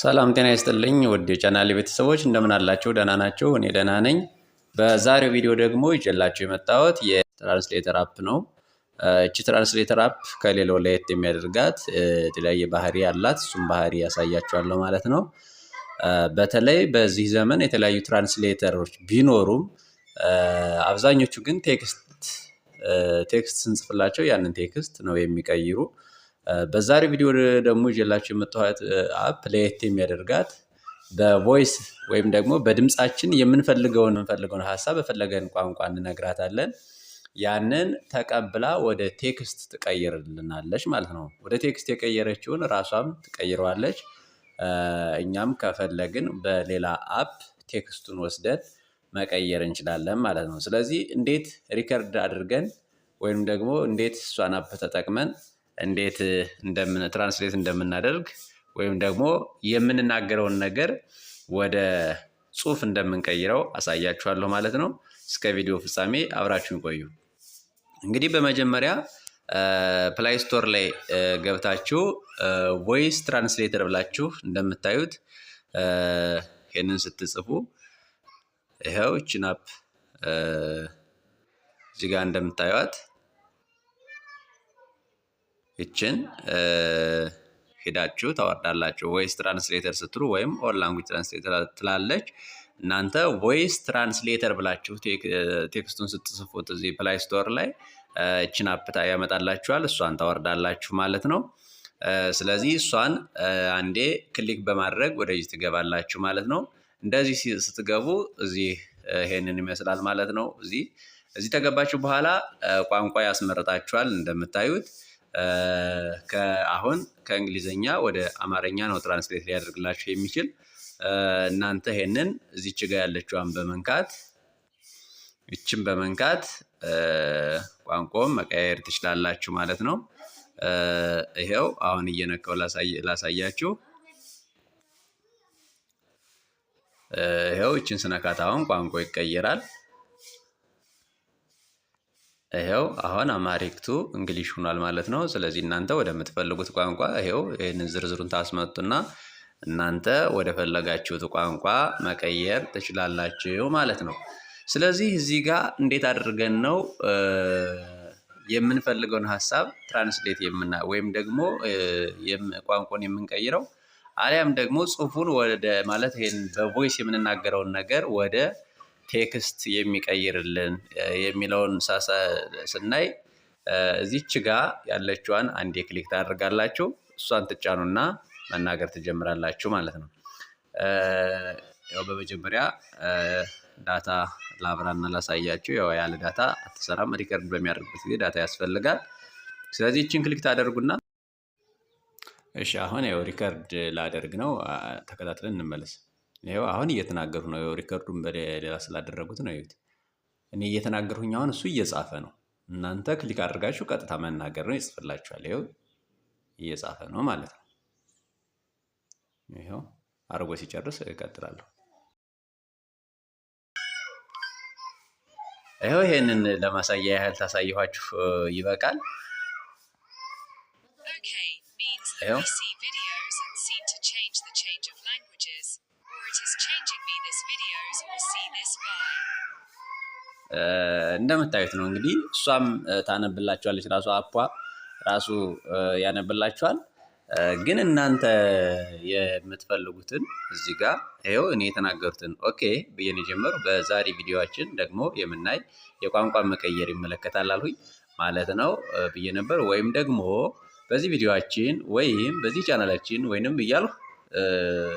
ሰላም ጤና ይስጥልኝ ውድ የቻናሌ ቤተሰቦች እንደምን አላችሁ? ደህና ናችሁ? እኔ ደህና ነኝ። በዛሬው ቪዲዮ ደግሞ ይዤላችሁ የመጣሁት የትራንስሌተር አፕ ነው። እቺ ትራንስሌተር አፕ ከሌላው ለየት የሚያደርጋት የተለያየ ባህሪ አላት። እሱም ባህሪ ያሳያችኋለሁ ማለት ነው። በተለይ በዚህ ዘመን የተለያዩ ትራንስሌተሮች ቢኖሩም አብዛኞቹ ግን ቴክስት ቴክስት ስንጽፍላቸው ያንን ቴክስት ነው የሚቀይሩ በዛሬ ቪዲዮ ደግሞ ይዤላችሁ የመጣሁት አፕ ለየት የሚያደርጋት በቮይስ ወይም ደግሞ በድምፃችን የምንፈልገውን የምንፈልገውን ሀሳብ በፈለገን ቋንቋ እንነግራታለን። ያንን ተቀብላ ወደ ቴክስት ትቀይርልናለች ማለት ነው። ወደ ቴክስት የቀየረችውን ራሷም ትቀይረዋለች። እኛም ከፈለግን በሌላ አፕ ቴክስቱን ወስደን መቀየር እንችላለን ማለት ነው። ስለዚህ እንዴት ሪከርድ አድርገን ወይም ደግሞ እንዴት እሷን አፕ ተጠቅመን እንዴት ትራንስሌት እንደምናደርግ ወይም ደግሞ የምንናገረውን ነገር ወደ ጽሁፍ እንደምንቀይረው አሳያችኋለሁ ማለት ነው። እስከ ቪዲዮ ፍጻሜ አብራችሁን ቆዩ። እንግዲህ በመጀመሪያ ፕላይ ስቶር ላይ ገብታችሁ ቮይስ ትራንስሌተር ብላችሁ እንደምታዩት ይህንን ስትጽፉ ይኸው እችን አፕ እዚጋ እንደምታዩት እችን ሄዳችሁ ታወርዳላችሁ። ቮይስ ትራንስሌተር ስትሉ ወይም ኦል ላንጉጅ ትራንስሌተር ትላለች። እናንተ ቮይስ ትራንስሌተር ብላችሁ ቴክስቱን ስትጽፉት እዚህ ፕላይ ስቶር ላይ እችን አፕታ ያመጣላችኋል። እሷን ታወርዳላችሁ ማለት ነው። ስለዚህ እሷን አንዴ ክሊክ በማድረግ ወደዚህ ትገባላችሁ ማለት ነው። እንደዚህ ስትገቡ እዚህ ይሄንን ይመስላል ማለት ነው። እዚህ እዚህ ተገባችሁ በኋላ ቋንቋ ያስመረጣችኋል እንደምታዩት አሁን ከእንግሊዝኛ ወደ አማርኛ ነው ትራንስሌት ሊያደርግላችሁ የሚችል። እናንተ ይሄንን እዚህ ችጋ ያለችዋን በመንካት ይችን በመንካት ቋንቋውን መቀያየር ትችላላችሁ ማለት ነው። ይሄው አሁን እየነካው ላሳያችሁ። ይሄው ይችን ስነካት አሁን ቋንቋ ይቀየራል። ይሄው አሁን አማሪክቱ እንግሊሽ ሆኗል ማለት ነው። ስለዚህ እናንተ ወደምትፈልጉት ቋንቋ ይሄው ይህንን ዝርዝሩን ታስመጡና እናንተ ወደ ፈለጋችሁት ቋንቋ መቀየር ትችላላችሁ ማለት ነው። ስለዚህ እዚህ ጋር እንዴት አድርገን ነው የምንፈልገውን ሀሳብ ትራንስሌት የምና ወይም ደግሞ ቋንቋን የምንቀይረው አሊያም ደግሞ ጽሁፉን ወደ ማለት ይሄን በቮይስ የምንናገረውን ነገር ወደ ቴክስት የሚቀይርልን የሚለውን ስናይ እዚች ጋ ያለችዋን አንዴ ክሊክ ታደርጋላችሁ። እሷን ትጫኑና መናገር ትጀምራላችሁ ማለት ነው። ያው በመጀመሪያ ዳታ ላብራና ላሳያችሁ። ያው ያለ ዳታ አትሰራም። ሪከርድ በሚያደርጉበት ጊዜ ዳታ ያስፈልጋል። ስለዚህ ይችን ክሊክ ታደርጉና እሺ፣ አሁን ያው ሪከርድ ላደርግ ነው። ተከታትለን እንመለስ። ይኸው አሁን እየተናገሩ ነው። ሪከርዱን በሌላ ስላደረጉት ነው። ይሁት እኔ እየተናገርሁኝ አሁን እሱ እየጻፈ ነው። እናንተ ክሊክ አድርጋችሁ ቀጥታ መናገር ነው፣ ይጽፍላችኋል። ይኸው እየጻፈ ነው ማለት ነው። ይኸው አድርጎ ሲጨርስ እቀጥላለሁ። ይኸው ይሄንን ለማሳያ ያህል ታሳየኋችሁ ይበቃል። ይኸው እንደምታዩት ነው እንግዲህ እሷም ታነብላችኋለች። ራሱ አፓ ራሱ ያነብላችኋል። ግን እናንተ የምትፈልጉትን እዚህ ጋ ይኸው እኔ የተናገሩትን ኦኬ ብዬን የጀመሩ በዛሬ ቪዲዮችን ደግሞ የምናይ የቋንቋ መቀየር ይመለከታል አልሁኝ ማለት ነው ብዬ ነበር። ወይም ደግሞ በዚህ ቪዲዮችን ወይም በዚህ ቻናላችን ወይንም እያልሁ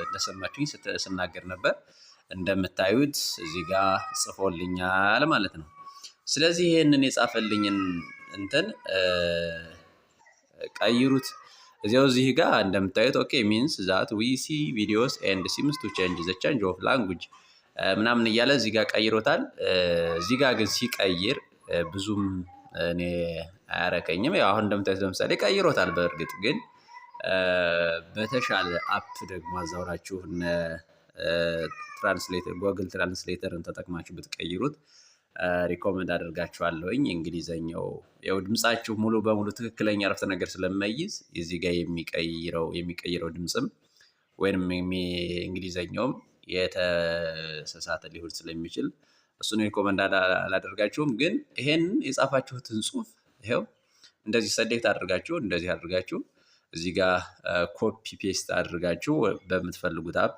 እንደሰማችሁኝ ስናገር ነበር። እንደምታዩት እዚህ ጋር ጽፎልኛል ማለት ነው። ስለዚህ ይህንን የጻፈልኝን እንትን ቀይሩት እዚያው እዚህ ጋር እንደምታዩት ኦኬ ሚንስ ዛት ዊ ሲ ቪዲዮስ ኤንድ ሲምስ ቱ ቼንጅ ዘ ቼንጅ ኦፍ ላንጉጅ ምናምን እያለ እዚህ ጋር ቀይሮታል። እዚህ ጋር ግን ሲቀይር ብዙም እኔ አያረከኝም። ያው አሁን እንደምታዩት ለምሳሌ ቀይሮታል። በእርግጥ ግን በተሻለ አፕ ደግሞ አዛውራችሁ ትራንስሌተር ጎግል ትራንስሌተርን ተጠቅማችሁ ብትቀይሩት ሪኮመንድ አደርጋችኋለሁኝ። እንግሊዘኛው ያው ድምፃችሁ ሙሉ በሙሉ ትክክለኛ አረፍተ ነገር ስለመይዝ እዚህ ጋር የሚቀይረው የሚቀይረው ድምፅም ወይም እንግሊዘኛውም የተሳሳተ ሊሆን ስለሚችል እሱን ሪኮመንድ አላደርጋችሁም። ግን ይሄን የጻፋችሁትን ጽሁፍ ይኸው እንደዚህ ሰሌክት አድርጋችሁ እንደዚህ አድርጋችሁ እዚህ ጋር ኮፒ ፔስት አድርጋችሁ በምትፈልጉት አፕ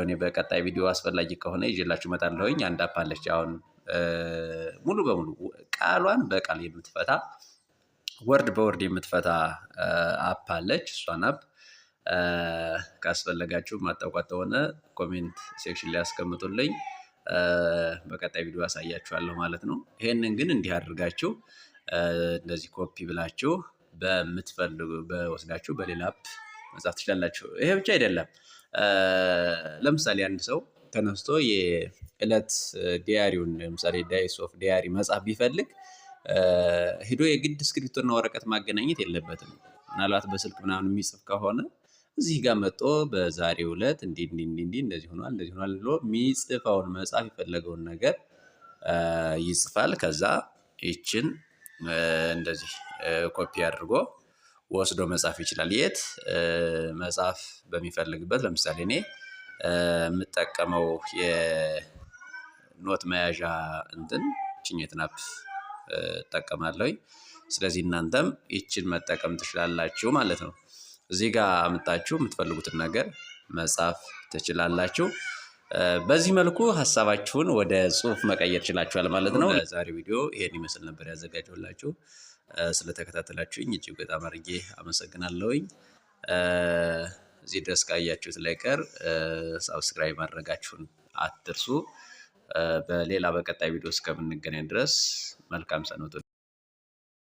ሆኔ በቀጣይ ቪዲዮ አስፈላጊ ከሆነ ይዤላችሁ እመጣለሁኝ። አንድ አፕ አለች አሁን ሙሉ በሙሉ ቃሏን በቃል የምትፈታ ወርድ በወርድ የምትፈታ አፕ አለች። እሷን አፕ ካስፈለጋችሁ ማጣቋት ሆነ ኮሜንት ሴክሽን ላይ ያስቀምጡልኝ። በቀጣይ ቪዲዮ አሳያችኋለሁ ማለት ነው። ይሄንን ግን እንዲህ አድርጋችሁ እንደዚህ ኮፒ ብላችሁ በምትፈልጉ በወስዳችሁ በሌላ አፕ መጻፍ ትችላላችሁ። ይሄ ብቻ አይደለም። ለምሳሌ አንድ ሰው ተነስቶ የዕለት ዲያሪውን ለምሳሌ ዳይስ ኦፍ ዲያሪ መጻፍ ቢፈልግ ሂዶ የግድ እስክሪብቶና ወረቀት ማገናኘት የለበትም። ምናልባት በስልክ ምናምን የሚጽፍ ከሆነ እዚህ ጋር መጦ በዛሬው ዕለት እንዲህ እንዲህ እንዲህ እንደዚህ ሆኗል እንደዚህ ሆኗል ብሎ የሚጽፈውን መጽሐፍ የፈለገውን ነገር ይጽፋል። ከዛ ይችን እንደዚህ ኮፒ አድርጎ ወስዶ መጻፍ ይችላል። የት መጻፍ በሚፈልግበት ለምሳሌ እኔ የምጠቀመው የኖት መያዣ እንትን ችኝትን አፕ ስለዚህ እናንተም ይችን መጠቀም ትችላላችሁ ማለት ነው። እዚህ ጋር አምጣችሁ የምትፈልጉትን ነገር መጻፍ ትችላላችሁ። በዚህ መልኩ ሀሳባችሁን ወደ ጽሁፍ መቀየር ችላችኋል ማለት ነው። ዛሬ ቪዲዮ ይሄን ይመስል ነበር ያዘጋጀሁላችሁ። ስለተከታተላችሁኝ እጅግ በጣም አድርጌ አመሰግናለሁኝ። እዚህ ድረስ ካያችሁት ላይ ቀር ሳብስክራይብ ማድረጋችሁን አትርሱ። በሌላ በቀጣይ ቪዲዮ እስከምንገናኝ ድረስ መልካም ሰንብቱ።